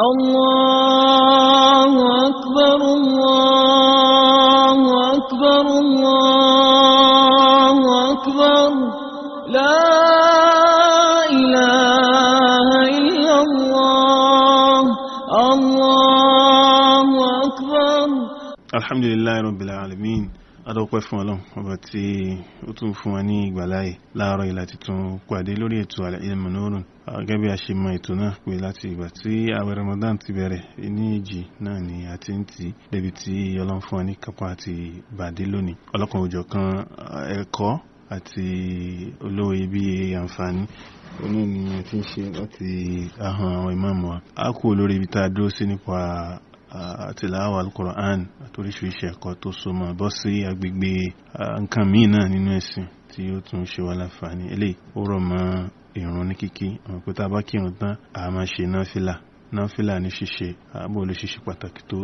الله ọpẹ́ fún ọlọ́run ọba tí ó tún fún wa ní ìgbàláyè láàárọ̀ yìí láti tún pàdé lórí ètò Al-Ilmu Nurun gẹ́gẹ́ bí a ṣe mọ ètò náà pé láti ìgbà tí àwẹ̀ Ramadan ti bẹ̀rẹ̀ ní ìjì náà ni a ti ń tì débi tí ọlọ́run fún wa ní kápá àti bàdé lónìí ọlọ́kan òjọ̀ kan eh, ẹ̀kọ́ àti olówó iyebíye àǹfààní oní ènìyàn ti ń ṣe láti ahọ́n àwọn ìmáàmù a kú olórí ibi tá a dúró sí nípa àtìláwà al-Qur'an àtoríṣiríṣi ẹ̀kọ́ tó so mọ́ bọ́ sí agbègbè nǹkan míì náà nínú ẹ̀sìn tí ó tún ṣe wá láǹfààní eléyìí ó rọ̀ mọ́ ìrun ní kíkí àwọn pé tá a bá kírun tán a máa ṣe náfìlà náfìlà ní ṣíṣe àbò lè ṣíṣe pàtàkì tó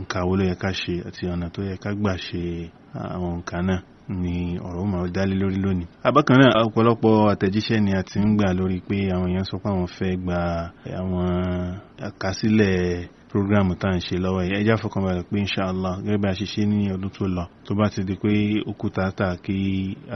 nǹka wo ló yẹ ká ṣe àti ọ̀nà tó yẹ ká gbà ṣe àwọn nǹka náà ni ọ̀rọ̀ ó máa dálé lórí lónìí. abákan náà ọ̀pọ̀lọpọ̀ àtẹ̀jíṣẹ́ ni a ti ń gbà lórí pé àwọn èèyàn sọ pé àwọn fẹ́ gba àwọn àkásílẹ̀ programu tá à ń ṣe lọ́wọ́ yìí ẹjá fọkànbalẹ̀ pé inshàlá gẹ́gẹ́ bí a ṣe ṣe ní ọdún tó lọ tó bá ti di pé òkúta tà kí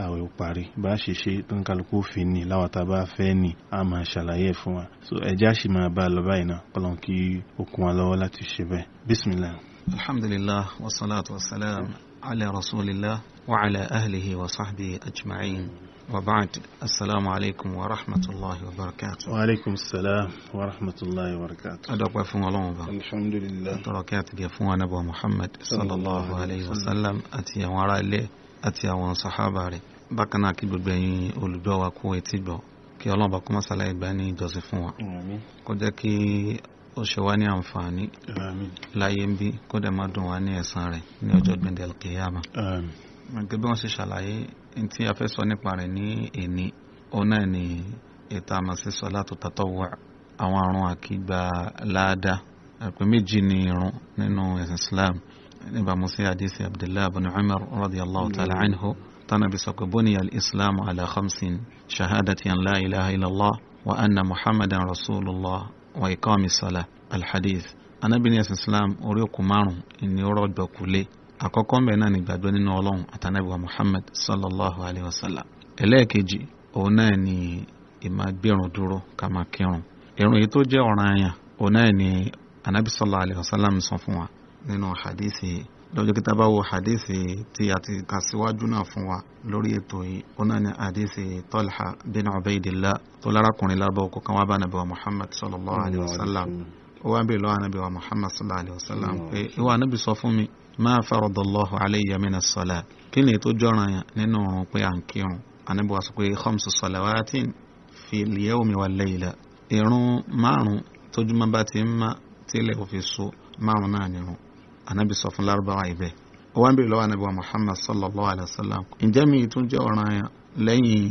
àwẹ̀ ò parí bá a ṣe ṣe tó ń kálukú òfin ni láwọn tá a bá fẹ́ ni a máa ṣàlàyé ẹ̀ fún wa so ẹjá sì máa bá a lọ báyìí náà kọ́lọ́n kí okun wa lọ́wọ́ láti ṣe bẹ́ẹ̀ bisimilah. alhamdulilah wasalaatu wasalaam. على رسول الله وعلى أهله وصحبه أجمعين وبعد السلام عليكم ورحمة الله وبركاته وعليكم السلام ورحمة الله وبركاته أدعو فون الله الحمد لله تركات يفون نبو محمد صلى الله عليه وسلم أتيا وراء لي أتيا وان صحابة ري بقنا كي ببين أولو كويتي بو كي الله بكم صلى الله عليه وسلم كي وشواني أنفاني آمين لا يمبي كود ما دواني أسانري نيوجود من دي القيامة آمين مجد بغن سيشالاي انتي أفسو نقباري ني إني أنا إني إتاما سيصلاة تطوع أوانو أكيبا لادا أكمي جينيرو نينو إسلام نبا موسي عديس عبد الله بن عمر رضي الله تعالى عنه تانا بسكو الإسلام على خمسين شهادة أن لا إله إلا الله وأن محمدا رسول الله wa iqami salah alhadith anábìíní ẹ̀sìn islam orí òkú márùn-ún ni ó rọ̀jò kulé àkọ́kọ́ ń bẹ̀ náà nígbàgbọ́ nínú ọlọ́run àtànábìwá muhammad sallallahu alayhi wa sallam ẹlẹ́ẹ̀kejì òun náà ni ìmá gbẹ̀rùn dúró ká máa kírun ìrun èyí tó jẹ́ ọ̀ranyàn òun náà ni anábì sallallahu alayhi wa sallam sọ fún wa nínú hadithi lọ́jọ́ kí tábà wo hadithi tí a ti kà síwájú náà fún wa lórí ètò yìí ó náà ní hadithi Talha bin Ubaidillah tó lárakùnrin lábọ̀ ọkọ̀ kan wá bá nàbẹ̀wá Muhammad sallallahu alayhi wa sallam ó wá ń bèèrè lọ́wọ́ nàbẹ̀wá Muhammad sallallahu alayhi wa sallam pé ìwà nàbì sọ fún mi ma faradallahu alayya minas salat kí ni tó jọra yẹn nínú pé à ń kírun ànábì wa sọ pé khamsu salawatin fil yawmi wal layla ìrun márùn-ún tójúmọ́ márùn-ún náà anabi sọ fún lárúbáwá yìí bẹ́ẹ̀ ó wá ń bèrè lọ́wọ́ anabi wa muhammad sallallahu alayhi wa sallam ǹjẹ́ mi tún jẹ́ ọ̀ranyàn lẹ́yìn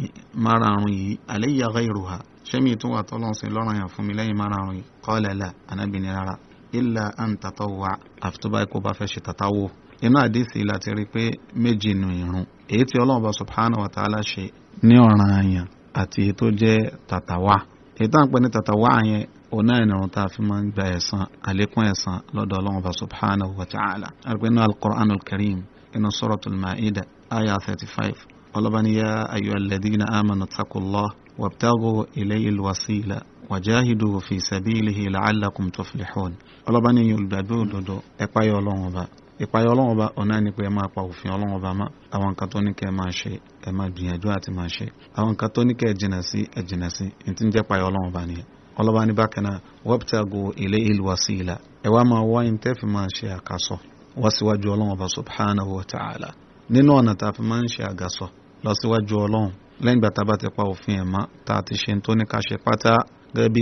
márààrún yìí alayya ghayruha ṣé mi tún wà tọ́lọ́ sí lọ́ranyàn fún mi lẹ́yìn márààrún yìí qala la anabi ni rárá illa an tatawwa àfi tó báyìí kó bá fẹ́ ṣe tatawo inú àdìsí láti rí pé méjì nù ìrun èyí tí ọlọ́run subhanahu wa ta'ala ṣe ní ọ̀ranyàn àti èyí tó jẹ́ tatawa èyí tá ń pè ní tatawa yẹn ọ̀nà ìnà wọn tá a fi máa ń gba ẹ̀san àlékún ẹ̀san lọ́dọ̀ ọlọ́run bá subhanahu wa ta'ala àgbẹ̀nú al-Qur'an al-Karim inú suratul Ma'ida aya thirty five ọlọ́bàní yá ayyuhal ladhina amanu taqullaha wabtaghu ilayhil wasila wàjáhìdù fi sabilihi la'allakum tuflihun ọlọ́bàní yìí olùgbàgbé òdodo ẹ̀páyọ̀ ọlọ́run ọba ìpayọ̀ ọlọ́run ọba ọ̀nà ni pé ẹ máa pa òfin ọlọ́run ọba mọ́ àwọn nǹkan tó ní kẹ́ ẹ máa ṣe ẹ máa gbìyànjú àti máa ṣe àwọn nǹkan tó ní kẹ́ ẹ jìnà sí ẹ jìnà sí ní ti ń jẹ́ payọ̀ ọlọ́run ọba nìyẹn ọlọ́ba ní bákan náà wabtagu ilayhil wasila ẹ wá máa wá yín tẹ́ fi máa ṣe àkàsọ wá síwájú ọlọ́run ọba subhanahu wa ta'ala nínú ọ̀nà tá a fi máa ń ṣe àgàsọ lọ síwájú ọlọ́run lẹ́yìn ìgbà tá a bá ti pa òfin ẹ̀ mọ́ tá a ti ṣe tó ní ká ṣe pátá gẹ́gẹ́ bí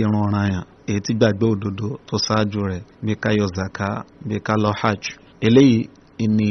èyí tí gbàgbé òdodo tó ṣáájú rẹ̀ bí ká yọ zaka bí ká lọ hajj eléyìí ni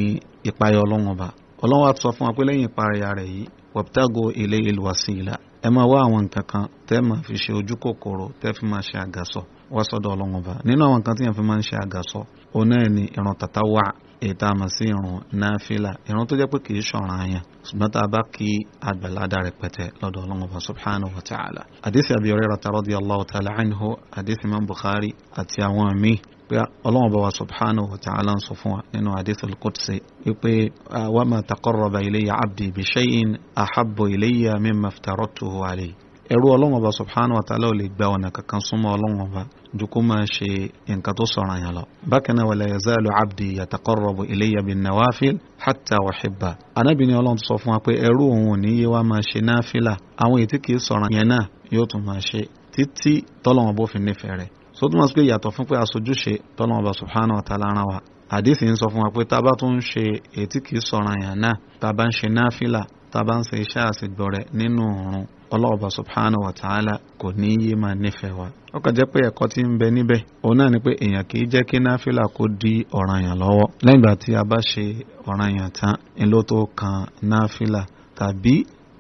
ìpayọ̀ ọlọ́run ọba ọlọ́run wa sọ fún wa pé lẹ́yìn ìparí rẹ̀ yìí wabtagu ilayhil wasila ẹ máa wá àwọn nǹkan kan tẹ́ máa fi ṣe ojú kòkòrò tẹ́ fi máa ṣe àgàsọ wá sọ́dọ̀ ọlọ́run ọba nínú àwọn nǹkan tí yẹn fi máa ń ṣe àgàsọ òun náà ni ìrun tàtà wà èyí tá a mọ̀ sí ìrun náfìlà ìrun tó jẹ́ pé kì í ṣọ̀ràn àyàn ṣùgbọ́n tá a bá kí àgbàládà rẹpẹtẹ lọ́dọ̀ ọlọ́run ọba subhanahu wa ta'ala. àdìsí àbí ọ̀rẹ́ rata radiyallahu ta'ala anhu àdìsí imam bukhari àti àwọn míì pé ọlọ́run bá wa subhanahu wa ta'ala ń sọ fún wa nínú hadithul qudsi wípé ah, wa ma taqarraba ilayya abdi bi shay'in ahabbu ilayya mimma aftaratuhu alayhi ẹrú ọlọ́run bá subhanahu wa ta'ala ò lè gba ọ̀nà kankan súnmọ́ ọlọ́run bá ju kó máa ṣe nǹkan tó sọ̀rọ̀ yẹn lọ. bákan náà wala yazalu abdi yataqarrabu ilayya bin nawafil hatta uhibba. anábìnrin ọlọ́run sọ fún wa pé ẹrú òun ní yé wa máa ṣe náfìlà àwọn ètí kìí sọ̀rọ̀ yẹn náà yóò tún máa ṣe títí tọ́lọ́wọ́n sótúmọ̀ sí pé yàtọ̀ fún pé aṣojúṣe tọ́lọ́mọ bá subhanahu wa ta'ala ara wa àdìsí ń sọ fún wa pé tá a bá tún ń ṣe ètí kìí sọ̀rọ̀ àyàn náà tá a bá ń ṣe náfìlà tá a bá ń ṣe iṣẹ́ àṣegbọ̀rẹ̀ nínú òòrùn ọlọ́ọ̀bà subhanahu wa ta'ala kò ní yé máa nífẹ̀ẹ́ wa. ó kàn jẹ́ pé ẹ̀kọ́ tí ń bẹ níbẹ̀ òun náà ni pé èèyàn kì jẹ́ kí náfìlà kó di ọ̀ranyàn lọ́wọ́ lẹ́yìn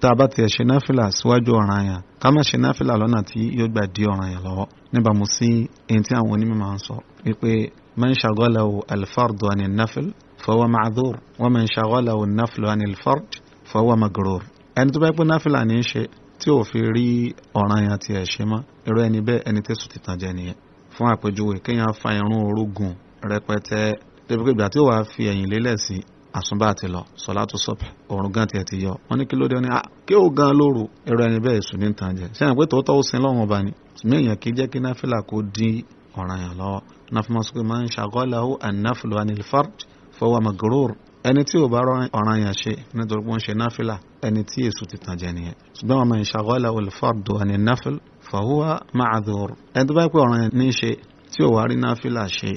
tá a bá tiẹ̀ ṣe náfìlà síwájú ọ̀ranyàn ká má ṣe náfìlà lọ́nà tí yóò gbà dí ọ̀ràn yẹn lọ́wọ́ níbàámu sí èyí tí àwọn onímọ̀ máa ń sọ wípé man shaghalahu al-fardu an an-nafl fahuwa ma'dhur wa man shaghalahu an-naflu an al-fard fahuwa magrur ẹni tó bá pé náfìlà ní í ṣe tí ò fi rí ọ̀ràn yẹn àti ẹ̀ṣẹ̀ mọ́ irú ẹni bẹ́ẹ̀ ẹni tẹ́sù ti tàn jẹ nìyẹn fún àpèjúwe kéèyàn fa irun orógùn rẹpẹtẹ àsùnbà ti lọ sọlátù sọp òrùn gan tiẹ̀ ti yọ wọ́n ní kí ló dé wọ́n ní ah, kí ó gan lóru ẹ̀rọ ẹni bẹ́ẹ̀ sùn ní tàn jẹ sẹ́yìn pé tòótọ́ ó sin lọ́wọ́n ọba ni ṣùgbọ́n èèyàn kì í jẹ́ kí náfìlà kó dín ọ̀ràn yàn lọ́wọ́ náfìmọ́sọ́kè máa ń ṣàgọ́làwó ànáfìlò anilfarj fọwọ́ magrur ẹni tí ò bá ọ̀ràn yàn ṣe nítorí pé wọ́n ṣe náfìlà ẹni tí èso ti tàn jẹ nìyẹn ṣùgbọ́n wọn máa ń ṣàgọ́làwó alfardu aninafil fọwọ́ máa dùn ẹni tó bá pẹ́ ọ̀ràn yàn ní ṣe tí ò wá rí náfìlà ṣe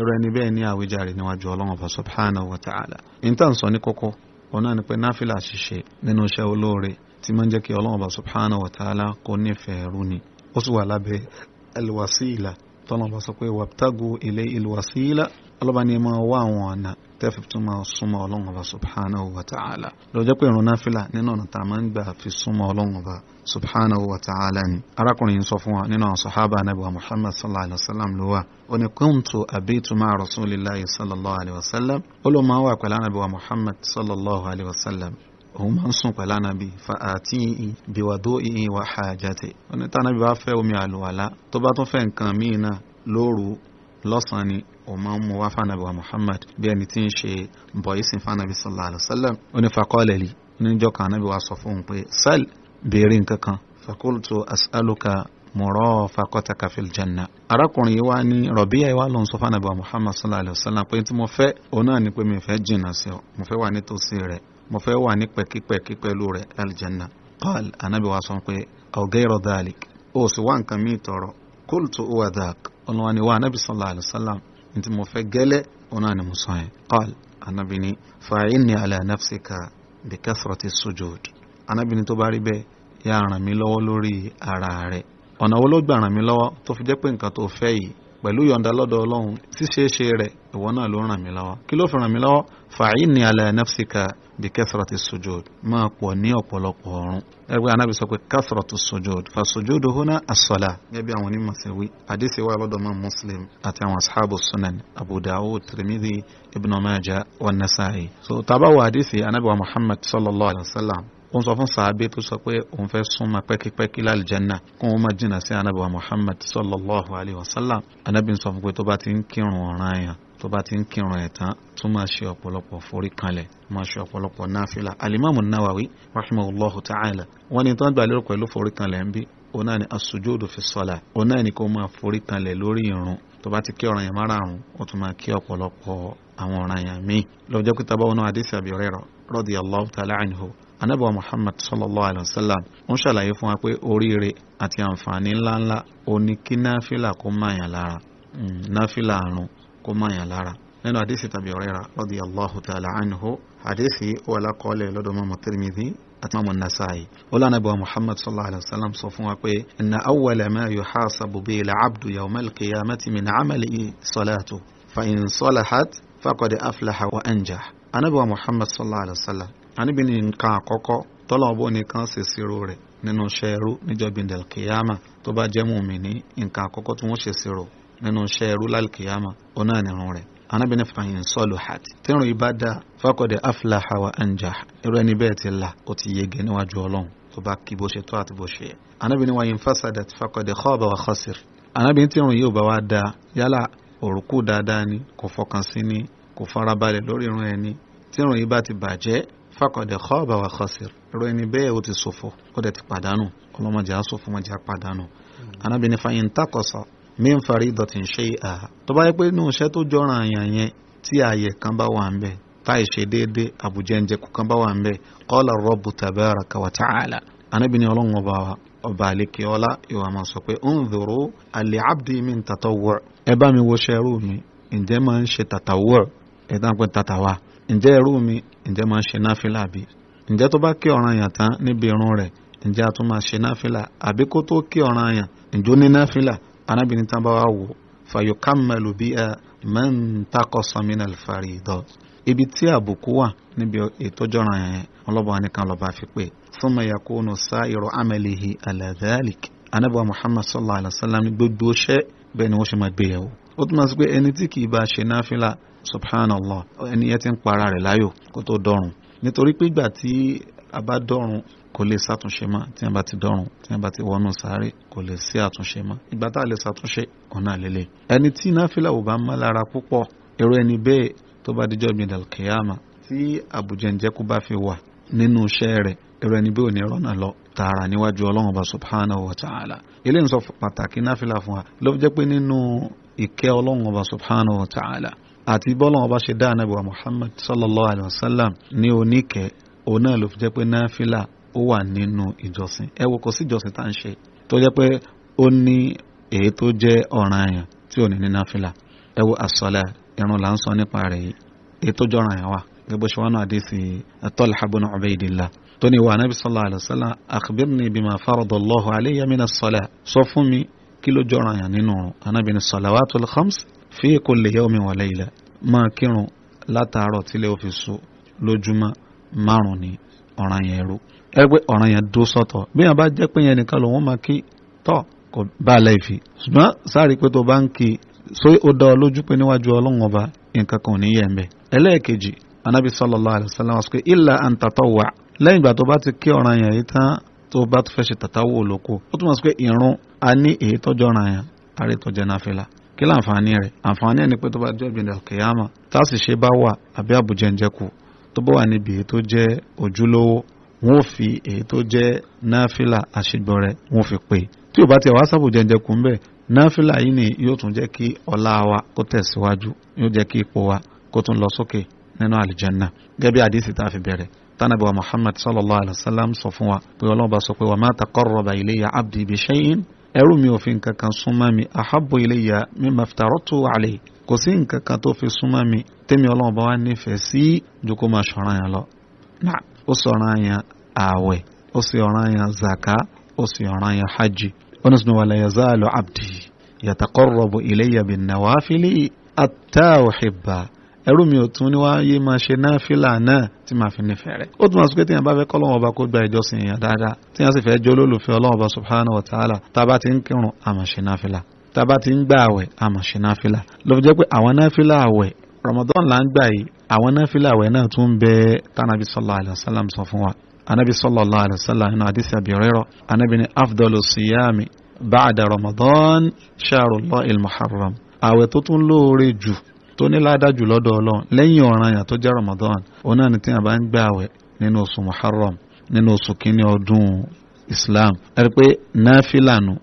irú ẹni bẹ́ẹ̀ ní àwíjàre níwájú ọlọ́run ọba subhanahu wa ta'ala intan sọ ní kókó ọ̀nà ni pé náfìlà ṣíṣe nínú iṣẹ́ olóore tí máa ń jẹ́ kí ọlọ́run ọba subhanahu wa ta'ala kó nífẹ̀ẹ́ rú ni ó sì wà lábẹ́ alwasila tọ́lọ́run bá sọ pé wabtagu ilay alwasila ọlọ́ba ni ẹ máa wá àwọn ọ̀nà tẹ́fì tó máa súnmọ́ ọlọ́run ọba subhanahu wa ta'ala lọ́jọ́ pé ìrun náfìlà nínú ọ̀nà tá a máa ń gbà fi súnmọ́ ọlọ́run ọba subhanahu wa ta'ala ni arákùnrin yìí sọ fún wa nínú àwọn sọ̀hábà anábìwá muhammad sallallahu alayhi wa sallam ló wà ó ní kuntu abitu ma'a rasulillahi sallallahu alayhi wa sallam ó ló máa wà pẹ̀lú anábìwá muhammad sallallahu alayhi wa sallam òun máa ń sùn pẹ̀lú ànábì fàáàtì bìwàdó ìhìn wà hajjate ó ní tànábì bá fẹ́ omi àlùwàlá tó bá tún fẹ́ nǹkan míì náà lóru lọ́sàn-án ni òun máa ń mú wá fànàbí wa Muhammad bí ẹni tí ń ṣe bọ̀yìsìn fànàbí sallallahu alaihi wasallam ó ní faqala li oníjọ́ kan ànábì wa sọ fún un pé sal béèrè nǹkan kan faqultu as'aluka murafaqataka fil janna. arákùnrin yìí wá ní rọ̀bíyà yìí wá ló ń sọ fànàbí wa Muhammad sallallahu alaihi wasallam pé tí mo fẹ́ òun náà ni pé mi fẹ́ jìnnà sí ọ mo fẹ́ wà nítòsí rẹ mo fẹ́ wà ní pẹ̀kípẹ̀kí pẹ̀lú rẹ aljanna. qal ànábì wa sọ pé aw ghayra ó sì wá nǹkan míì tọrọ qultu huwa dhak wa ni sallallahu alaihi wasallam nti mo fẹ́ gẹ́lẹ́ òun náà ni mo sọ yẹn qal anabi ni fa'inni ala nafsika bi kathrati sujud anabi ni tó bá rí bẹ́ẹ̀ yá ràn mí lọ́wọ́ lórí ara rẹ̀ ọ̀nà wo ló gbà ràn mí lọ́wọ́ tó fi jẹ́ pé nǹkan tó fẹ́ yìí pẹ̀lú yọ̀ǹda lọ́dọ̀ ọlọ́run ṣíṣeéṣe rẹ̀ ìwọ náà ló ràn mí lọ́wọ́ kí ló fi ràn mí lọ́wọ́ fa'inni ala nafsika bí kẹsàrọ̀tì sojod máa pọ̀ ní ọ̀pọ̀lọpọ̀ ọ̀run ẹgbẹ́ anábì sọ pé kẹsàrọ̀tì sojod fa sojod hona asọ́lá gẹ́gẹ́ bí àwọn onímọ̀ sí wí àdìsí wa lọ́dọ̀ mọ́ muslim àti àwọn asáàbù sunan abu dawud ibn maja wa nasa'i so tabawo àdìsí anábì wa muhammad sallallahu alayhi wa sallam ó ń sọ fún sàábé tó sọ pé òun fẹ́ súnmọ́ pẹ́kípẹ́kí lálìjẹ́nà kó wọ́n máa jìnnà sí anábì wa muhammad sallallahu alayhi wa sallam anábì sọ fún pé tó bá ti ń kírun ọ̀ranyàn tó bá ti ń kírun ẹ̀ tán tún máa ṣe ọ̀pọ̀lọpọ̀ forí kanlẹ̀ máa ṣe ọ̀pọ̀lọpọ̀ náfìlà alimami nawawi rahimahullahu ta'ala wọ́n ní tán gbà lérò pẹ̀lú forí kanlẹ̀ ń bí òun náà ni asujúdù fi sọlá òun náà ni kó máa forí kanlẹ̀ lórí irun tó bá ti kí ọ̀ràn yẹn márààrún ó tún máa kí ọ̀pọ̀lọpọ̀ àwọn ọ̀ràn yẹn míì lọ́jọ́ pé tábà wọnú hadisi Abi Hurairah radiyallahu ta'ala anhu anábọ̀ muhammad sallallahu alayhi wa sallam ń ṣàlàyé fún wa pé oríire àti àǹfààní ńláńlá oníkínáfìlà kó máa yàn lára hmm, náfìlà àrùn kó máyàn lára nínú àdéhìí tàbí ọ̀rẹ́ ra radiyallahu ta'ala anhu àdéhìí ó wà lákọọ́lẹ̀ lọ́dọ̀ mọ́mọ́ Tirmidhi àti mọ́mọ́ Nasa'i ó lànà ìbọn Muhammad sallallahu alayhi wa sallam sọ fún wa pé inna awwala ma yuhasabu bihi al-'abdu yawma al-qiyamati min 'amalihi salatu fa in salahat faqad aflaha wa anjah anabiwa Muhammad sallallahu alayhi wa sallam anibi ni nǹkan àkọ́kọ́ nínú iṣẹ́ ẹrú lálùkìyàmà ọ̀nà ànìrún rẹ̀ anábìnrin fàyìn sọ́ọ̀lù hàt tírun yìí bá dá faqad aflaha wa anjah irú ẹni bẹ́ẹ̀ ti là ó ti yege níwájú ọlọ́run tó bá kí bó ṣe tó àti bó ṣe yẹ anábìnrin wa in fasadat faqad khaba wa khasir anábìnrin tírun yìí ò bá wá dá yálà òrùkù dáadáa ni kò fọkàn sí ni kò farabalẹ̀ lórí irun ẹni tírun yìí bá ti bàjẹ́ faqad khaba wa khasir irú ẹni bẹ́ẹ̀ ó ti ṣòfò ó dẹ̀ ti pàdánù ọlọ́mọdé á ṣòfò mọ́jà pàdánù anábìnrin fàyìn takọ̀sọ̀ min faridatin shay'a tó bá yẹ pé inú iṣẹ́ tó àyàn yẹn tí ààyè kan bá wà ń bẹ̀ táì ṣe déédéé àbújẹ́njẹkù kan bá wà ń bẹ̀ qala rabbu tabaraka ọlọ́run ọba wa ọba àlekè ọlá ìwà máa sọ pé ali abdi min tatawwu' ẹ bá mi wo mi ǹjẹ́ máa ń ṣe dáhùn pé wa. ǹjẹ́ ẹrú mi ǹjẹ́ máa ń ṣe náfìlà bí ǹjẹ́ tó bá kí ọ̀ràn tán níbi irun rẹ̀ ǹjẹ́ a ṣe náfìlà àbí kó tó anábìnrin tán bá wà wò fàyọkàmẹlú bí ẹ mẹ́ńtàkọ́sọ mínal fàrídọ́ ibi tí àbùkù wà níbi ìtọ́jú ọ̀ràn yẹn ọlọ́bàá nìkan lọ́ba fi pé summa yakunu sa'iru amalihi ala dhalik anábìwá muhammad sallallahu alayhi wa sallam gbogbo ṣẹ́ bẹ́ẹ̀ ni wọ́n ṣe máa gbé yẹ̀wò ó túmọ̀ sí pé ẹni tí kì í bá ṣe náfìlà subhanallah ẹni yẹn ti ń para rẹ̀ láyò kó tó dọ̀run nítorí pé ìgbà tí a bá dọ̀run kò lè ṣàtúnṣe mọ́ tí wọ́n bá ti dọ́rùn tí wọ́n bá ti wọnú sáré kò lè sí àtúnṣe mọ́ ìgbà tá a lè ṣàtúnṣe ọ̀nà àlélẹ̀. ẹni tí náfìlà ò bá mọ́ lára púpọ̀ èrò ẹni bẹ́ẹ̀ tó bá dijọ́ gbìn alkiyama tí àbùjẹ̀ǹjẹ̀kú bá fi wà nínú iṣẹ́ rẹ̀ èrò ẹni bẹ́ẹ̀ ò ní rọ́nà lọ tààrà níwájú ọlọ́run bá subhanahu wa ta'ala ilé ń sọ pàtàkì náfìlà fún wa ló jẹ́ pé nínú ìkẹ́ ọlọ́run bá subhanahu wa ta'ala àti bọ́lọ́run bá ṣe dáa nàbẹ̀wá muhammad sallallahu alayhi wa sallam ní oníkẹ́ òun náà ló fi jẹ́ pé náfìlà ó wà nínú ìjọsìn ẹ wo kò sí ìjọsìn tá à ń ṣe tó jẹ́ pé ó ní èyí tó jẹ́ ọ̀ranyàn tí ò ní ní náfìlà ẹ wo àsọlá irun là ń sọ nípa rẹ̀ yìí èyí tó jẹ́ ọ̀ranyàn wà gbogbo ṣe wọn àdìsí Talha ibn Ubaydillah tó ní wà nábì sallallahu alaihi wasallam akhbirni bima farada Allahu alayya min as-salah sọ fún mi kí ló jẹ́ ọ̀ranyàn nínú anábìnrin salawatul khams fi kulli yawmin wa layla máa kírun látàárọ̀ tílẹ̀ ó fi lójúmọ́ márùn-ún ni ọ̀ràn yẹn ró ẹgbẹ́ ọ̀ràn yẹn dúró sọ́tọ̀ bí yẹn bá jẹ́ pé yẹn nìkan lòun máa kí tọ́ kò bá a láìfi ṣùgbọ́n sáré pé tó bá ń kí so ó dá ọ lójú pé níwájú ọlọ́run ọba nǹkan kan ò ní yẹ̀ ń ẹlẹ́ẹ̀kejì anabi sallallahu alayhi wa sallam wa sọ pé illa an tatawwa lẹ́yìn ìgbà tó bá ti kí ọ̀ràn yẹn yìí tán tó bá tó fẹ́ ṣe tàtàwọ̀ olóko ó túmọ̀ sí pé ìrun a ní èyí tọ́jọ́ ọ̀ràn yẹn àrè tọ́jọ́ náà fẹ́la kí láǹfààní rẹ̀ àǹfààní ẹni pé tó bá jẹ́ ìgbìndà kìyàmà tá a sì ṣe bá wà àbí àbújá ń jẹ́ kù tó bá wà níbi èyí tó jẹ́ ojúlówó wọn ò fi èyí tó jẹ́ náfìlà àṣegbọrẹ wọn ò fi pè tí ò bá tiẹ̀ wá sábò jẹjẹ kù ń bẹ̀ náfìlà yìí ni yóò tún jẹ́ kí ọlá wa kó tẹ̀síwájú yóò jẹ́ kí ipò wa kó tún lọ sókè nínú àlìjẹ́nà gẹ́gẹ́ bí àdìsí tá a fi bẹ̀rẹ̀ tánàbí wa muhammad sallallahu alayhi wa sallam sọ fún wa pé ọlọ́run sọ pé wa ma taqarraba ilayya abdi bi shay'in ẹrú mi ò fi súnmọ́ mi ahabbu ilayya mimma aftaratu alayhi kò sí nǹkan kan tó fi súnmọ́ mi tẹ́mi ọlọ́run bá wá nífẹ̀ẹ́ sí ju kó máa ṣọ̀ràn yẹn lọ. náà ó sì ọ̀ràn yẹn ààwẹ̀ ó sì ọ̀ràn yẹn zaka ó sì ọ̀ràn yẹn hajj. wọn sì ní wala yazalu abdi yataqarrabu ilayya bin nawafili atta uhibba ẹrú mi ò tún ní wàá yé máa ṣe náfìlà náà tí màá fi nífẹ̀ẹ́ rẹ̀. ó tún máa sọ téèyàn bá fẹ́ kọ́lọ́wọ́n ọba kó gba ìjọsìn èèyàn dáadáa téèyàn sì fẹ́ jẹ́ olólùfẹ́ ọlọ́wọ́n ọba subhanahu wa ta'ala tá a bá ti ń kírun àmọ̀ ṣe náfìlà tá a bá ti ń gba àwẹ̀ a máa ṣe náfìlà ló fi jẹ́ pé àwọn náfìlà àwẹ̀ Ramadan là ń gbà yìí àwọn náfìlà àwẹ̀ náà tún bẹ tánàbí sallallahu alaihi wasallam sọ fún wa anabi sallallahu alaihi wasallam nínú àdìsí àbẹ̀rẹ̀rọ̀ anabi ní afdalu siyami baada Ramadan shahrullahi al-muharram àwẹ̀ tó tún lóore jù tó ní ládàá jù lọ́dọ̀ ọlọ́run lẹ́yìn ọ̀ràn yà tó jẹ́ Ramadan òun náà ni tí a bá ń gbà àwẹ̀ nínú oṣù Muharram nínú oṣù kínní ọdún Islam ẹ rí pé náfìlà nù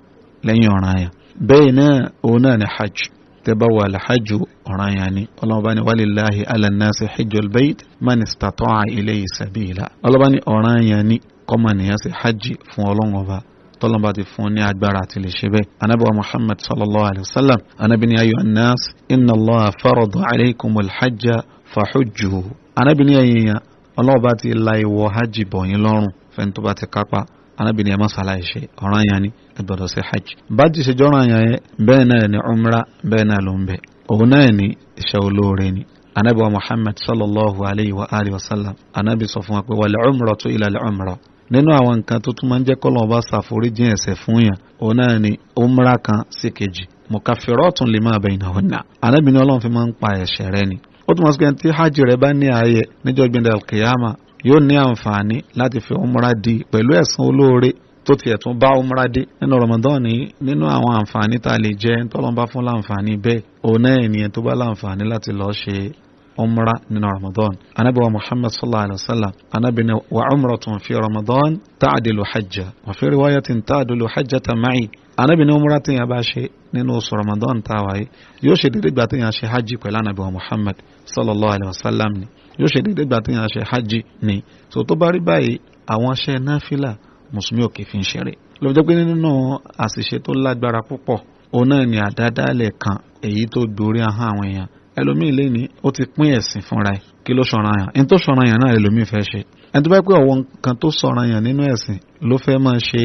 lẹ́yìn ọ̀ràn yà bẹ́ẹ̀ náà òun náà ni hajj tẹ́báwà alhajj ọ̀ràn yà ni ọlọ́ba ni walillahi ala nasi hijjul bayt man istata'a ilayhi sabila ọlọ́ba ni ọ̀ràn yà ni kọ́mọ nìyẹn ṣe hajj fún ọlọ́run ọba tọ́lọ́ba ti fún ní agbára àti lè ṣe bẹ́ẹ̀ anábíwá muhammad sallallahu alayhi wa sallam anábí ni ayu annas inna allaha farada alaykum alhajja fahujjuhu anábí ni ayẹyẹ ọlọ́ba ti la ìwọ hajj bọ̀ yín lọ́rùn fẹ́ni tó bá ti kápá arábìnrin ẹ̀ má ṣàlàyé ṣe ọ̀ràn yẹn ni ẹ gbọ́dọ̀ ṣe hajj bájì ṣe jọ́ràn yẹn bẹ́ẹ̀ náà ni umra bẹ́ẹ̀ náà ló ń bẹ òun náà ni iṣẹ́ olóore ni anabi wa muhammad sallallahu alayhi wa alihi wa sallam anabi sọ fún wa pé wàlẹ̀ umra tó ilà lẹ̀ umra nínú àwọn nǹkan tó tún máa ń jẹ́ kọ́ lọ́wọ́ bá ṣàforíjì ẹ̀ṣẹ̀ fún yàn òun náà ni umra kan sí kejì mukafiratun lima bainahunna anabi ni ọlọ́run fi máa ń pa ẹ̀ṣẹ̀ rẹ ni ó tún máa ń sọ pé tí hajj rẹ bá ní ààyè níjọ́ gbẹ̀ndẹ̀ alkiyama yóò ní àǹfààní láti fi umra di pẹ̀lú ẹ̀san olóore tó tiẹ̀ tún bá umra dé nínú Ramadan ní nínú àwọn àǹfààní tá a lè jẹ tọ́lọ́n bá fún láǹfààní bẹ́ẹ̀ òun náà ènìyàn tó bá láǹfààní láti lọ́ọ́ ṣe umra nínú Ramadan anabi wa Muhammad sallallahu alayhi wa sallam anabi ni wa umratun fi Ramadan ta'dilu hajja wa fi riwayatin ta'dilu hajjatan ma'i anabi ni umra tí yẹn bá ṣe nínú oṣù Ramadan tá yóò ṣe dédé gbà tí yẹn ṣe hajj pẹ̀lú anabi wa sallallahu alayhi wa sallam ni yóò ṣe déédéé gbà tí yàn ṣe hajj ni so tó bá rí báyìí àwọn ṣe náfìlà mùsùlùmí òkè fi ń ṣeré ló jẹ́ pé nínú àṣìṣe tó lágbára púpọ̀ òun náà ni àdádálẹ̀ kan èyí tó gborí ahọ́n àwọn èèyàn ẹlòmíì lè ní ó ti pín ẹ̀sìn fúnra ẹ̀ kí ló ṣọ̀ràn yàn ẹni tó ṣọ̀ràn yàn náà ẹlòmíì fẹ́ ṣe ẹni tó bá pé ọ̀wọ́ nǹkan tó ṣọ̀ràn yàn nínú ẹ̀sìn ló fẹ́ máa ṣe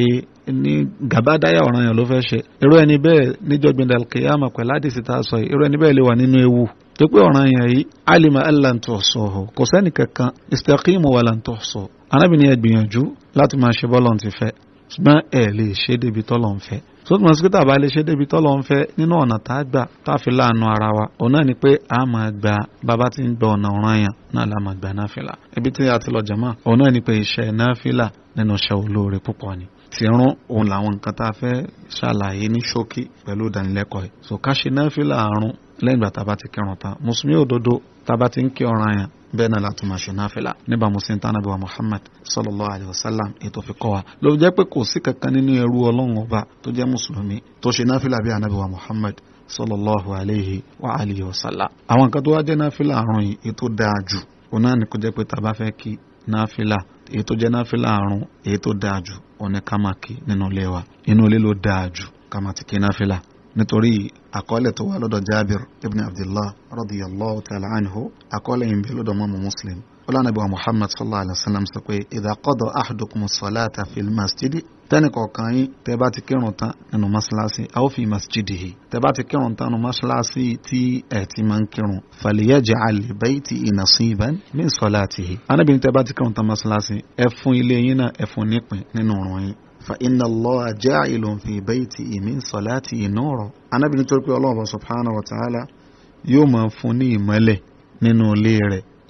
ní gàbádáyà ọ̀ràn yàn ló fẹ́ ṣe irú ẹni bẹ́ẹ̀ níjọ́ gbẹ̀dẹ̀ kìyàmọ̀ pẹ̀lú àdìsí tá a sọ yìí irú ẹni bẹ́ẹ̀ lè wà nínú ewu tó pé yẹn yìí alima allan tuhsuhu kò sẹ́ni kankan istaqimu walan tuhsu anábìnrin ẹ̀ gbìyànjú láti máa ṣe bọ́lọ̀ ti fẹ́ ṣùgbọ́n ẹ̀ lè ṣe débi tọ́lọ̀ ń fẹ́ sótùmọ̀ sí kíta bá lè ṣe débi tọ́lọ̀ ń fẹ́ nínú ọ̀nà tá a gbà tá a fi láàánú ara wa òun ni pé a máa gba bàbá tí ń gba ọ̀nà ọ̀ràn yẹn náà la máa gba náfìlà ibi tí a ti lọ jàmá òun ni pé iṣẹ́ náfìlà nínú iṣẹ́ olóore púpọ̀ ni ti rún òun làwọn nǹkan tá a fẹ́ ṣàlàyé ní ṣókí pẹ̀lú ìdánilẹ́kọ̀ọ́ yìí so ká ṣe náfìlà àrùn lẹ́yìn ìgbà tá a bá ti kírun tán mùsùlùmí òdodo tá a bá ti ń kí ọ̀ràn yẹn bẹ́ẹ̀ náà láti máa ṣe náfìlà níbà mùsùlùmí tánà bí wa muhammad sallallahu alayhi wa sallam ètò fi kọ́ wa ló jẹ́ pé kò sí kankan nínú ẹrú ọlọ́run ọba tó jẹ́ mùsùlùmí tó ṣe náfìlà bí anábì wa muhammad sallallahu alayhi wa alihi wa sallam. àwọn nǹkan tó wá jẹ́ náfìlà àrùn yìí ètò dáa jù òun náà ni kò jẹ́ pé tá a bá fẹ́ kí náfìlà èyí tó jẹ́ náfìlà àrùn èyí tó dáa jù ọ̀nà ká máa kí nínú ilé wa inú ilé ló dáa jù ká máa ti kí náfìlà nítorí àkọọ́lẹ̀ tó wà lọ́dọ̀ Jabir ibn Abdullah radiyallahu ta'ala anhu àkọọ́lẹ̀ yìí ń bẹ lọ́dọ̀ mọ́mọ́ Muslim ọlọ́nàbí wa muhammad sallallahu alayhi wa sallam sọ pé idha qada ahadukumus salata fil masjidi tẹ́nì kọ̀ọ̀kan yín tẹ́ bá ti kírun tán nínú mọ́ṣáláṣí a ó fi masjidihi tẹ́ bá ti kírun tán nínú mọ́ṣáláṣí tí ẹ̀ ti máa ń kírun falyaj'al li baytihi nasiban min salatihi. anábìrin tẹ́ bá ti kírun tán mọ́ṣáláṣí ẹ fún ilé yín náà ẹ fún nípìn nínú ọ̀run yín. fa inna Allaha ja'ilun fi baytihi min salatihi nura. anábìrin tó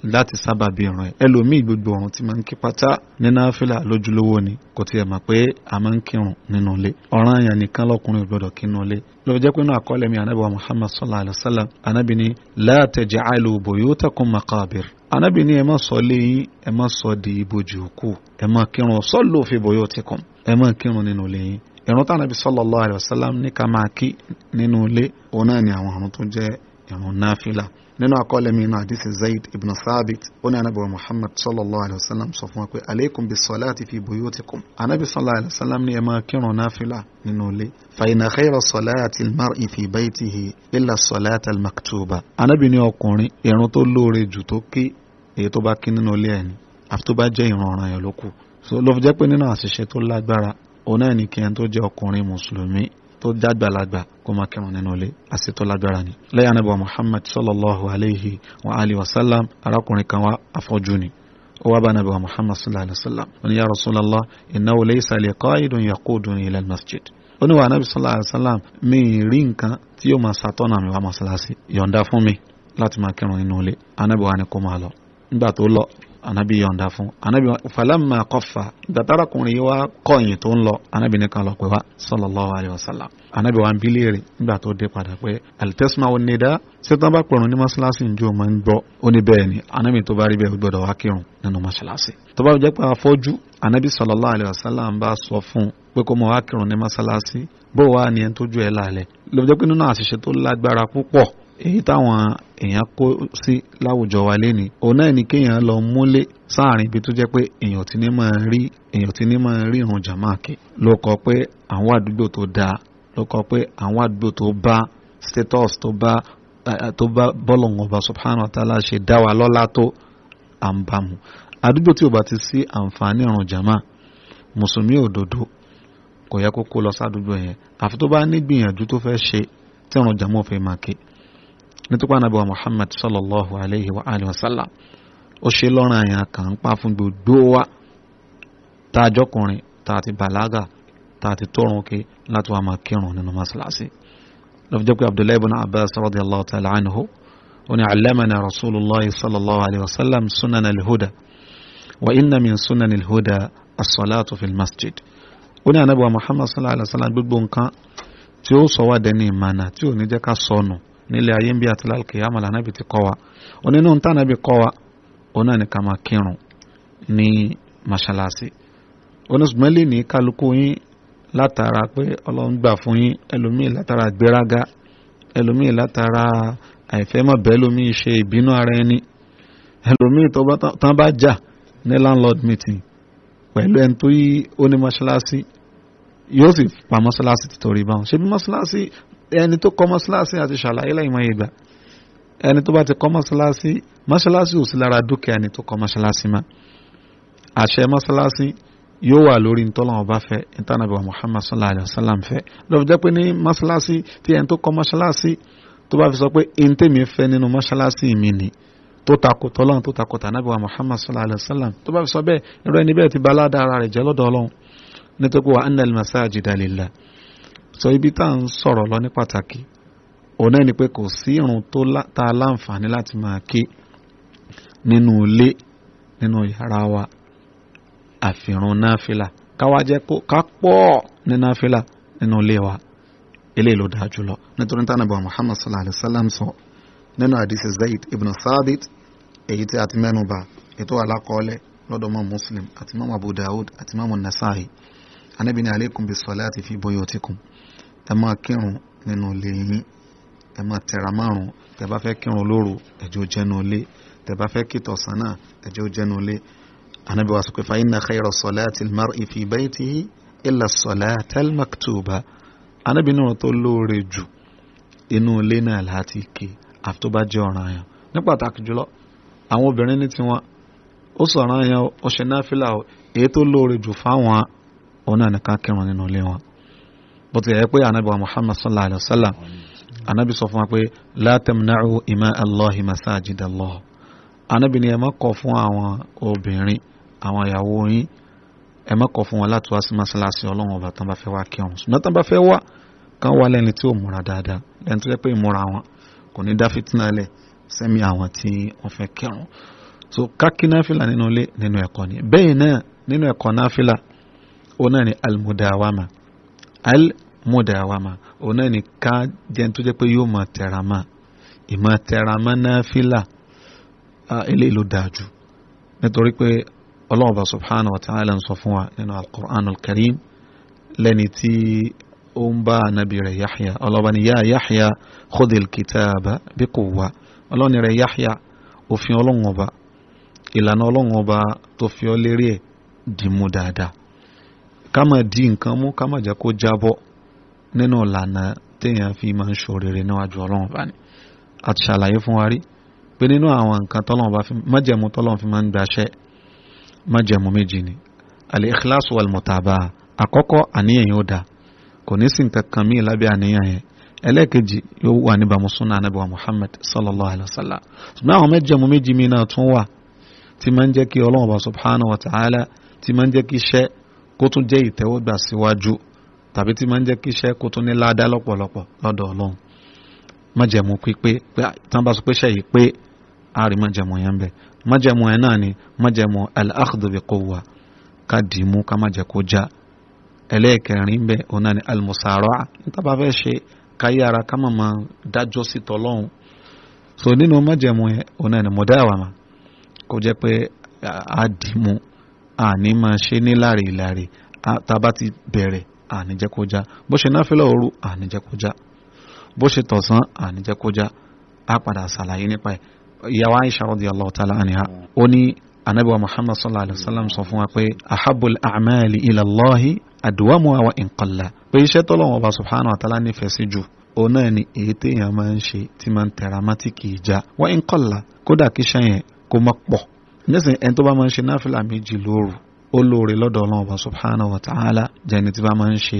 láti sábà bí ìran ẹ ẹlòmíì gbogbo ọ̀run tí máa ń kí pátá nínú àfílà lójúlówó ni kò tiẹ̀ mọ̀ pé a máa ń kírun nínú ilé ọ̀ràn àyàn nìkan lọ́kùnrin gbọ́dọ̀ kínú ilé lọ́wọ́ jẹ́ pé inú àkọọ́lẹ̀ mi anábìwá muhammad sallallahu alayhi wa sallam anábì ní la taj'alu buyutakum maqabir anábì ní ẹ má sọ léyìn ẹ má sọ di ibojì òkú ẹ má kírun sallu fi buyutikum ẹ má kírun nínú léyìn ìrun tánàbí sallallahu alayhi wa sallam ní ká máa kí nínú ilé òun náà ni àwọn ìrun tó jẹ́ ìrun náfìlà nínú àkọọ́lẹ̀ mi náà àdísì zaid ibn sabit ó ní anábìwá muhammad sallallahu alayhi wa sallam sọ fún wa pé aleikum bi salati fi buyutikum anábì sallallahu alayhi wa sallam ní ẹ máa kírun náfìlà nínú ilé fàyínà khayra salati almar'i fi baytihi illa salata almaktuba anábì ní ọkùnrin irun tó lóore jù tó kí èyí tó bá kí nínú ilé ẹni àfi tó bá jẹ́ ìran ọ̀ràn yẹn lókù ló fi jẹ́ pé nínú àṣìṣe tó lágbára òun náà ní kí ẹni tó jẹ́ ọkùnrin mùsùlùmí tó jágbàlagbà kó máa kírun nínú ilé àṣẹ tó lágbára ni. lẹ́yìn anábọ̀ muhammad sallallahu alayhi wa alihi wa sallam arákùnrin kan wá afọ́jú ni ó wá bá anábọ̀ muhammad sallallahu alayhi wa sallam ó ní ya rasulallah innahu laysa li qaidun yaquduni ila almasjid ó ní wa anábì sallallahu alayhi wa sallam mi rí nǹkan tí yóò máa ṣàtọ́nà mi wá mọ́ṣáláṣí yọ̀ǹda fún mi láti máa kírun nínú ilé anábì anabi yọ̀ǹda fún anabi falamma kọfà ìgbàtàràkùnrin yìí wá kọ̀yìn tó ń lọ anabi nìkan lọ pé wá sallallahu alayhi wa sallam anabi wa ń bí léèrè nígbà tó dé padà pé alitẹ́sùmá ò ní dá sẹ́tàn bá pẹ̀rùn ní mọ́ṣáláṣí njó máa ń gbọ́ ó ní bẹ́ẹ̀ ni anabi tó bá rí bẹ́ẹ̀ gbọ́dọ̀ wá kírun nínú mọ́ṣáláṣí tó bá jẹ́ pé afọ́jú anabi sallallahu alayhi wa sallam bá sọ fún pé kó mọ wá kírun ní mọ́ṣáláṣí bó wà ní ẹni tójú ẹ̀ lálẹ́ lọ́jọ́ pé nínú àṣìṣe tó lágbára púpọ̀ èyí táwọn èèyàn kó sí láwùjọ wa lénìí òun náà ni kéèyàn lọ múlé sáàrin ibi tó jẹ́ pé èèyàn ti ní máa rí èèyàn ti ní máa rí ìrùn jàmáàkì ló kọ pé àwọn àdúgbò tó dáa ló kọ pé àwọn àdúgbò tó bá status tó bá tó bá bọ́lọ̀ngàn ọba subhanahu wa ta'ala ṣe dá wa lọ́lá tó à ń bá àdúgbò tí ò bá ti sí àǹfààní ìrùn jàmáà mùsùlùmí òdodo kò yẹ kó kó lọ sádùúgbò yẹn àfi tó bá nígbìyànjú tó fẹ́ ṣe tí ìrùn jàmáà ò máa ké nítorí ànábì wa Muhammad sallallahu alayhi wa alihi wa sallam ó ṣe lọ́rùn àyàn kan ń pa fún gbogbo wa tá a jọkùnrin tá a ti bàlágà tá a ti tọrùn òkè láti wá máa kírun nínú masalasi lọ́fíjọ́ pé Abdullahi ibn Abbas radiyallahu ta'ala anhu ó ní allamana Rasulullahi sallallahu alayhi wa sallam sunan al-huda wa inna min sunan al-huda as masjid ó ní wa Muhammad sallallahu alayhi wa sallam gbogbo nǹkan tí ó sọ wá dẹni ìmànà tí ò ní jẹ́ ká sọnù nílẹ̀ ayé ń bí àti lálùkìyàmọ̀ lànàbì ti kọ́ wa onínú ń tànàbì kọ́ wa òun ni ní ká máa kírun ní mọ́ṣáláṣí oníṣùgbọ́n lè ní kálukú yín látara pé ọlọ́run gbà fún yín ẹlòmíì látara gbéraga ẹlòmíì látara àìfẹ́mọ̀bẹ́ ẹlòmíì ṣe ìbínú ara ẹni ẹlòmíì tó bá jà ní landlord meeting pẹ̀lú ẹni tó yí ó ní mọ́ṣáláṣí yóò sì pa mọ́ṣáláṣí títorí báwọn ṣe bí mọ́ṣáláṣí ẹni tó kọ́ mọ́ṣáláṣí àti ṣàlàyé lẹ́yìn ìgbà ẹni tó bá ti kọ́ mọ́ṣáláṣí mọ́ṣáláṣí ò sí lára dúkìá ẹni tó kọ́ mọ́ṣáláṣí má àṣẹ mọ́ṣáláṣí yóò wà lórí ntọ́lọ́wọ́ bá fẹ́ ìtànàbẹ̀wò Muhammad sallallahu alayhi wa sallam fẹ́ lọ́wọ́ jẹ́ pé ní mọ́ṣáláṣí tí ẹni tó kọ́ mọ́ṣáláṣí tó bá fi sọ pé ìntèmi fẹ́ nínú mọ́ṣáláṣí mi ni tó takò tọ́lọ́run tó takò tànàbẹ̀wò Muhammad sallallahu alayhi wa sallam tó bá fi sọ bẹ́ẹ̀ ẹni bẹ́ẹ̀ ti balá dára rẹ̀ jẹ́ lọ́dọ̀ Ọlọ́run nítorí pé wà á nàlẹ́ masajida lillah sọ ibi tá à ń sọ̀rọ̀ lọ ní pàtàkì òun náà ni pé kò sí irun tó tá a láǹfààní láti máa ké nínú ilé nínú yàrá wa àfihàn náfìlà káwa jẹ́ ká pọ̀ ní náfìlà nínú ilé wa eléyìí ló dáa jùlọ nítorí tánàbí Muhammad sallallahu alayhi wa sallam sọ nínú àdìsí Zayd ibn sabit èyí tí a ti mẹ́nu bà ètò alákọọ́lẹ̀ lọ́dọ̀ mọ́ Muslim àti mọ́ Abu Dawud àti mọ́ Nasa'i anabini alaykum bis salati fi buyutikum ẹ máa kírun nínú ilé yín ẹ máa tẹ̀ra márùn tẹ bá fẹ́ kírun lóru ẹjọ́ jẹ́nu ilé tẹ bá fẹ́ kí tọ̀sán náà ẹjọ́ jẹ́nu ilé anabi wa sọ pé fa inna khayra salati al-mar'i fi baytihi illa as-salata al-maktuba anabi náà tó lóore jù inú ilé náà láti ké àfi tó ọ̀ràn àyàn ní pàtàkì jùlọ àwọn obìnrin ní tiwọn ó sọ̀ràn àyàn ọ̀ṣẹ̀ náà fìlà èyí tó lóore jù fáwọn ọ̀nà nìkan kírun nínú ilé wọn bó ti yẹ pé anabi wa muhammad sallallahu alayhi wa sallam anabi sọ fún wa pé la tamna'u ima allahi masajid allah anabi ni ẹ má kọ̀ fún àwọn obìnrin àwọn ìyàwó yín ẹ má kọ̀ fún wọn láti wá sí masalasi ọlọ́run ọba tán bá fẹ́ wá kí ọ̀hún ṣùgbọ́n tán bá fẹ́ wá kán wá lẹ́ni tí ò múra dáadáa lẹ́ni tó yẹ pé ìmúra wọn kò ní dá fìtínà lẹ̀ sẹ́mi àwọn tí wọ́n fẹ́ kírun so kákí náfìlà nínú ilé nínú ẹ̀kọ́ ni bẹ́ẹ̀ náà nínú ẹ̀kọ́ náfìlà ó náà ni almudawama al mudawama òun náà ní ká jẹun tó jẹ́ pé yóò máa tẹra mọ́ ìmọ̀ tẹra mọ́ náfìlà eléyìí ló dáa jù nítorí pé ọlọ́ọ̀bà subhanahu wa ta'ala ń sọ fún wa nínú al-Qur'an al-Karim lẹ́ni tí ó ń bá anabi rẹ̀ Yahya ọlọ́ọ̀bà ni yá Yahya khudil kitaba bi quwwa ọlọ́ọ̀ni rẹ̀ Yahya òfin ọlọ́run ọba ìlànà ọlọ́run ọba tó fi ọ lérí ẹ̀ dì mú dáadáa ká má di nǹkan mú ká má jẹ́ kó jábọ́ nínú ìlànà téèyàn fi máa ń ṣòrere níwájú ọlọ́run bá ní àti ṣàlàyé fún wa rí pé nínú àwọn nǹkan tọ́lọ́run bá fi májẹ̀mú tọ́lọ́run fi máa ń gbaṣẹ́ májẹ̀mú méjì ni al-ikhlas wal-mutabaa àkọ́kọ́ àníyàn yóò dà kò ní sí nǹkan kan míì lábẹ́ àníyàn yẹn ẹlẹ́ẹ̀kejì yóò wà ní bàmú anábì wa muhammad sallallahu alayhi wa sallam ṣùgbọ́n àwọn májẹ̀mú méjì míì náà tún wà tí máa subhanahu wa ta'ala tí máa ń jẹ́ kí iṣẹ́ tàbí tí máa ń jẹ́ kí iṣẹ́ kó tún ní ládá lọ́pọ̀lọpọ̀ lọ́dọ̀ ọlọ́run májẹ̀mú pípé pé tán bá sọ pé ṣe yìí pé a rí májẹ̀mú yẹn ń bẹ májẹ̀mú yẹn náà ni májẹ̀mú al-akhdhu bi quwwa ká dì í mú ká má jẹ́ kó já ẹlẹ́ẹ̀kẹrin bẹ òun náà ni al-musara'a níta bá fẹ́ ṣe káyára ká má máa dájọ́ sí tọ́lọ́hún so nínú májẹ̀mú yẹn òun náà ni mudawama kó jẹ́ pé a dì í mú àní máa ṣe ní láre ìlàre tá a bá ti bẹ̀rẹ̀ àníjẹ́ kó já bó ṣe náfílà òru àníjẹ́ kó já bó ṣe tọ̀sán àníjẹ́ kó já á padà ṣàlàyé nípa ẹ̀ ìyàwó Aisha radiyallahu ta'ala anha ó ní anabi wa Muhammad sallallahu alayhi wa sallam sọ fún wa pé ahabul a'mali ila Allahi adwamuha wa pé iṣẹ́ tọ́lọ́wọ́n ọba subhanahu wa ta'ala nífẹ̀ẹ́ sí jù òun náà ni èyí téèyàn máa ń ṣe tí máa ń tẹ̀ra má kì í já wa in kódà kíṣẹ́ yẹn kó má pọ̀ nísìnyí ẹni tó bá máa ń ṣe náfìlà méjì lóru ó lóore lọ́dọ̀ ọlọ́run bá subhanahu wa ta'ala jẹni tí bá máa ń ṣe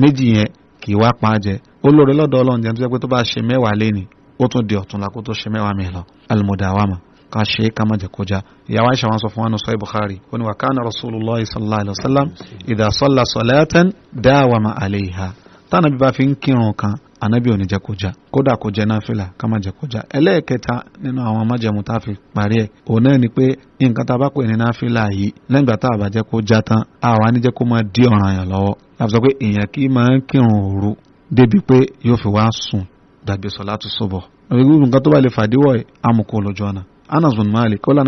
méjì yẹn kì í wá pa á jẹ ó lóore lọ́dọ̀ ọlọ́run jẹni tó jẹ́ pé tó bá ṣe mẹ́wàá lé ní ó tún di ọ̀túnla kó tó ṣe mẹ́wàá mi lọ almudawama ká ṣe é ká má jẹ kó ìyàwó àìsàn wọn sọ fún wa nù sọ Bukhari ó ní wa kana rasulullah sallallahu alayhi wa sallam idha salla salatan dawama alayha tánàbí bá fi ń kírun kan anabi ò ní jẹ́ kó já kódà kó jẹ́ náfìlà ká má jẹ́ kó já ẹlẹ́ẹ̀kẹta nínú àwọn amájẹmú tá a fi parí ẹ̀ òun náà ni pé nǹkan tá a bá pè ní náfìlà yìí lẹ́yìn ìgbà tá a bá jẹ́ kó já tán àwa ní jẹ́ kó máa dí ọ̀ràn yàn lọ́wọ́ láti sọ pé èèyàn kì í máa ń kírun òru débi pé yóò fi wá sùn dàgbé sọ̀látù sọ̀bọ̀ irú nǹkan tó bá lè fàdíwọ̀ ẹ̀ amukọ̀ lójú ọ̀nà Anas bin Malik kọ́lá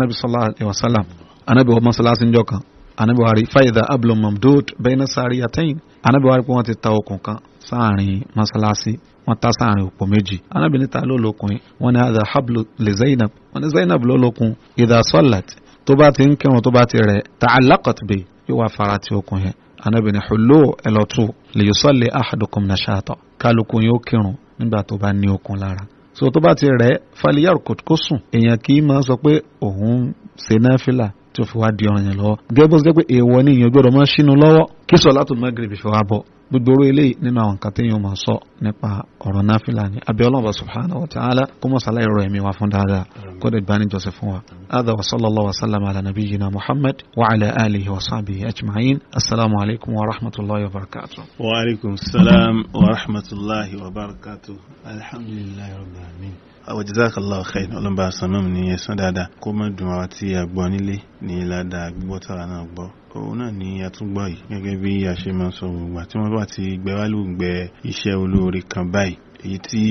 anabi ti ta okùn kan sáàrin mọ́sálásí wọ́n ta sáàrin òpó méjì anábìnrin ta ló lókun wọ́n ní hadha hablu li zainab wọ́n ní zainab ló lókun idha sallat tó bá ti ń kírun tó bá ti rẹ̀ ta'allaqat bi yóò wá fara ti okùn yẹn anábìnrin hullu ẹlọ́tù li yusalli ahadukum nashata kálukú yóò kírun nígbà tó bá ní okùn lára so tó bá ti rẹ̀ faliyar kò sùn èèyàn kì í máa sọ pé òun ṣe náfìlà tó fi wá di ọ̀ràn yẹn lọ́wọ́ gẹ́gẹ́ bó ṣe pé èèwọ̀ ni èèyàn gbọ́dọ̀ máa ṣínú lọ́wọ́ kí sọ̀látù magrib fi wá bọ̀ gbogbo oró eléyìí nínú àwọn nǹkan téèyàn máa sọ nípa ọ̀rọ̀ náfìlà ni àbí ọlọ́ọ̀bà subhana wa ta'ala kó mọ̀ sálá ìrọ̀ ẹ̀mí wa fún dáadáa kó dẹ̀ gbani jọ́sẹ̀ fún wa. adha wa sallallahu wa sallam ala nabiyyina muhammad wa ala alihi wa sahbihi ajma'in assalamu alaykum wa rahmatulahi wa barakatuh. wa alaykum salaam wa rahmatulahi wa barakatuh alhamdulilayi rabbil alamin. jazakallahu khairan ọlọ́mọba sànmọ́ ní ẹ̀sán dáadáa kó má dùn àwa tí a gbọ́ nílé ní ládà gbígbọ́ náà gbọ́ òun náà ni àtúgbọ́ yìí gẹ́gẹ́ bí a ṣe máa sọ gbogbo àti wọ́n bá ti gbẹ́wálùgbẹ́ iṣẹ́ olóore kan báyìí èyí tí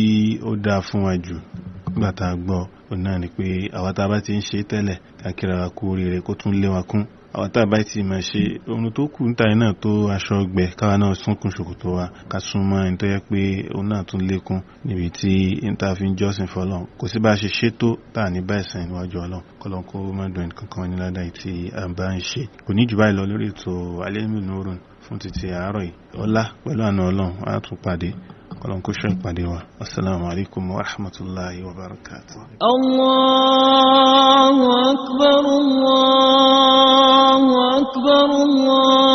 ó dáa fún wa jù nígbà tá a gbọ́ òun náà ni pé àwa tá a bá ti ń ṣe tẹ́lẹ̀ káàkiri àwa kú oríire kó tún lé wa kún àwọn tá a bá ti máa ṣe ohun tó kù níta yìí náà tó aṣọ ọgbẹ káwa náà sunkún ṣòkòtò wa ká súnmọ́ ẹni tó yẹ pé òun náà tún lékún níbi tí níta fi ń jọ́sìn fọlọ́n kò sí bá a ṣe ṣètò tá a ní bá ẹ̀sìn níwájú ọlọ́n kọlọ́n kó má dùn nǹkan kan ní ládàá tí a bá ń ṣe kò ní jù báyìí lọ lórí ètò alẹ́mì fún títí àárọ̀ yìí ọlá pẹ̀lú àna ọlọ́run á tún pàdé kọlọ́n kó ṣe ìpàdé wa assalamu alaikum wa rahmatullahi wa barakatuh. Allahu akbar Allah. أكبر الله